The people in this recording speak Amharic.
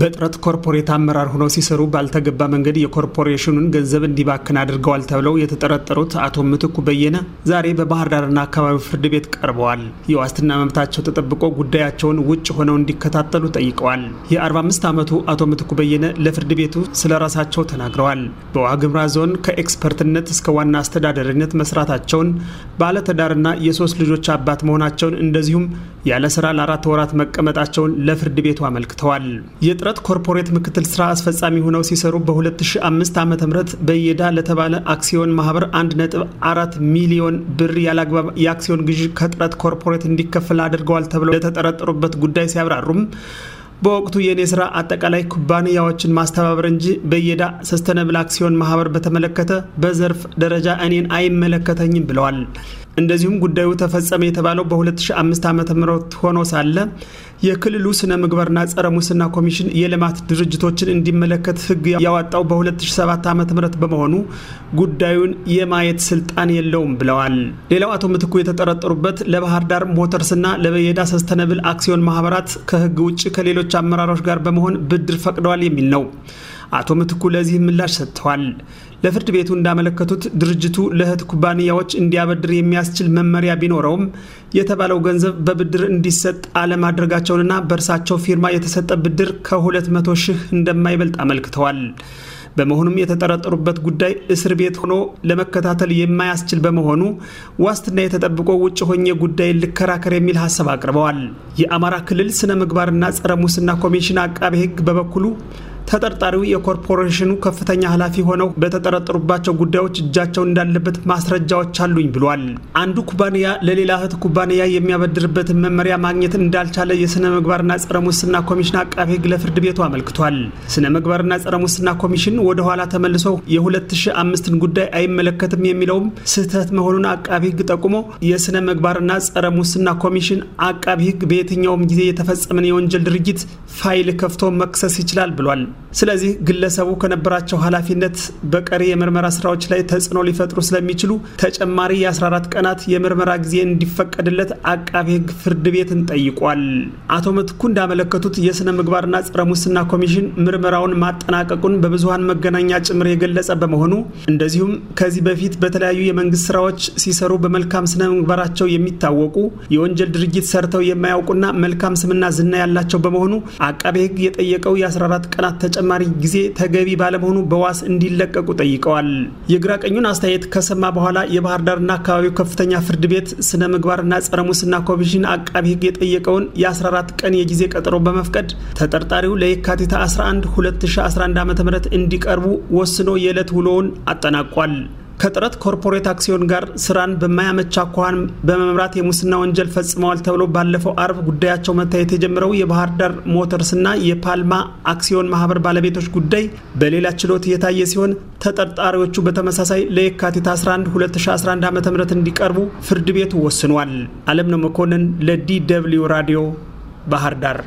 በጥረት ኮርፖሬት አመራር ሆነው ሲሰሩ ባልተገባ መንገድ የኮርፖሬሽኑን ገንዘብ እንዲባክን አድርገዋል ተብለው የተጠረጠሩት አቶ ምትኩ በየነ ዛሬ በባህር ዳርና አካባቢው ፍርድ ቤት ቀርበዋል። የዋስትና መብታቸው ተጠብቆ ጉዳያቸውን ውጭ ሆነው እንዲከታተሉ ጠይቀዋል። የ45 ዓመቱ አቶ ምትኩ በየነ ለፍርድ ቤቱ ስለ ራሳቸው ተናግረዋል። በዋግምራ ዞን ከኤክስፐርትነት እስከ ዋና አስተዳደርነት መስራታቸውን፣ ባለትዳርና የሶስት ልጆች አባት መሆናቸውን እንደዚሁም ያለ ስራ ለአራት ወራት መቀመጣቸውን ለፍርድ ቤቱ አመልክተዋል። ህብረት ኮርፖሬት ምክትል ስራ አስፈጻሚ ሆነው ሲሰሩ በ2005 ዓ ም በየዳ ለተባለ አክሲዮን ማህበር 1.4 ሚሊዮን ብር ያላግባብ የአክሲዮን ግዢ ከጥረት ኮርፖሬት እንዲከፈል አድርገዋል ተብለው ለተጠረጠሩበት ጉዳይ ሲያብራሩም በወቅቱ የእኔ ስራ አጠቃላይ ኩባንያዎችን ማስተባበር እንጂ በየዳ ሰስተነብል አክሲዮን ማህበር በተመለከተ በዘርፍ ደረጃ እኔን አይመለከተኝም ብለዋል። እንደዚሁም ጉዳዩ ተፈጸመ የተባለው በ2005 ዓ ም ሆኖ ሳለ የክልሉ ስነ ምግባርና ጸረ ሙስና ኮሚሽን የልማት ድርጅቶችን እንዲመለከት ህግ ያወጣው በ2007 ዓ ም በመሆኑ ጉዳዩን የማየት ስልጣን የለውም ብለዋል። ሌላው አቶ ምትኩ የተጠረጠሩበት ለባህር ዳር ሞተርስና ለበየዳ ሰስተነብል አክሲዮን ማህበራት ከህግ ውጭ ከሌሎች ከሌሎች አመራሮች ጋር በመሆን ብድር ፈቅደዋል የሚል ነው። አቶ ምትኩ ለዚህ ምላሽ ሰጥተዋል። ለፍርድ ቤቱ እንዳመለከቱት ድርጅቱ ለእህት ኩባንያዎች እንዲያበድር የሚያስችል መመሪያ ቢኖረውም የተባለው ገንዘብ በብድር እንዲሰጥ አለማድረጋቸውንና በእርሳቸው ፊርማ የተሰጠ ብድር ከ200 ሺህ እንደማይበልጥ አመልክተዋል። በመሆኑም የተጠረጠሩበት ጉዳይ እስር ቤት ሆኖ ለመከታተል የማያስችል በመሆኑ ዋስትና የተጠብቆ ውጭ ሆኜ ጉዳይ ልከራከር የሚል ሀሳብ አቅርበዋል። የአማራ ክልል ስነ ምግባርና ጸረ ሙስና ኮሚሽን አቃቤ ሕግ በበኩሉ ተጠርጣሪው የኮርፖሬሽኑ ከፍተኛ ኃላፊ ሆነው በተጠረጠሩባቸው ጉዳዮች እጃቸው እንዳለበት ማስረጃዎች አሉኝ ብሏል። አንዱ ኩባንያ ለሌላ እህት ኩባንያ የሚያበድርበትን መመሪያ ማግኘት እንዳልቻለ የሥነ ምግባርና ጸረ ሙስና ኮሚሽን አቃቤ ሕግ ለፍርድ ቤቱ አመልክቷል። ስነ ምግባርና ጸረ ሙስና ኮሚሽን ወደ ኋላ ተመልሶ የ2005ን ጉዳይ አይመለከትም የሚለውም ስህተት መሆኑን አቃቢ ሕግ ጠቁሞ የሥነ ምግባርና ጸረ ሙስና ኮሚሽን አቃቢ ሕግ በየትኛውም ጊዜ የተፈጸመን የወንጀል ድርጊት ፋይል ከፍቶ መክሰስ ይችላል ብሏል። ስለዚህ ግለሰቡ ከነበራቸው ኃላፊነት በቀሪ የምርመራ ስራዎች ላይ ተጽዕኖ ሊፈጥሩ ስለሚችሉ ተጨማሪ የ14 ቀናት የምርመራ ጊዜ እንዲፈቀድለት አቃቤ ሕግ ፍርድ ቤትን ጠይቋል። አቶ ምትኩ እንዳመለከቱት የሥነ ምግባርና ጸረ ሙስና ኮሚሽን ምርመራውን ማጠናቀቁን በብዙሀን መገናኛ ጭምር የገለጸ በመሆኑ እንደዚሁም ከዚህ በፊት በተለያዩ የመንግስት ስራዎች ሲሰሩ በመልካም ስነ ምግባራቸው የሚታወቁ የወንጀል ድርጊት ሰርተው የማያውቁና መልካም ስምና ዝና ያላቸው በመሆኑ አቃቤ ሕግ የጠየቀው የ14 ቀናት ተጨማሪ ጊዜ ተገቢ ባለመሆኑ በዋስ እንዲለቀቁ ጠይቀዋል። የግራ ቀኙን አስተያየት ከሰማ በኋላ የባህር ዳርና አካባቢው ከፍተኛ ፍርድ ቤት ስነ ምግባርና ጸረ ሙስና ኮሚሽን አቃቢ ህግ የጠየቀውን የ14 ቀን የጊዜ ቀጠሮ በመፍቀድ ተጠርጣሪው ለየካቲት 11 2011 ዓ ም እንዲቀርቡ ወስኖ የዕለት ውሎውን አጠናቋል። ከጥረት ኮርፖሬት አክሲዮን ጋር ስራን በማያመች አኳኋን በመምራት የሙስና ወንጀል ፈጽመዋል ተብሎ ባለፈው አርብ ጉዳያቸው መታየት የጀመረው የባህር ዳር ሞተርስና የፓልማ አክሲዮን ማህበር ባለቤቶች ጉዳይ በሌላ ችሎት የታየ ሲሆን ተጠርጣሪዎቹ በተመሳሳይ ለየካቲት 11 2011 ዓ ም እንዲቀርቡ ፍርድ ቤቱ ወስኗል። አለም ነው መኮንን ለዲ ደብልዩ ራዲዮ ባህር ዳር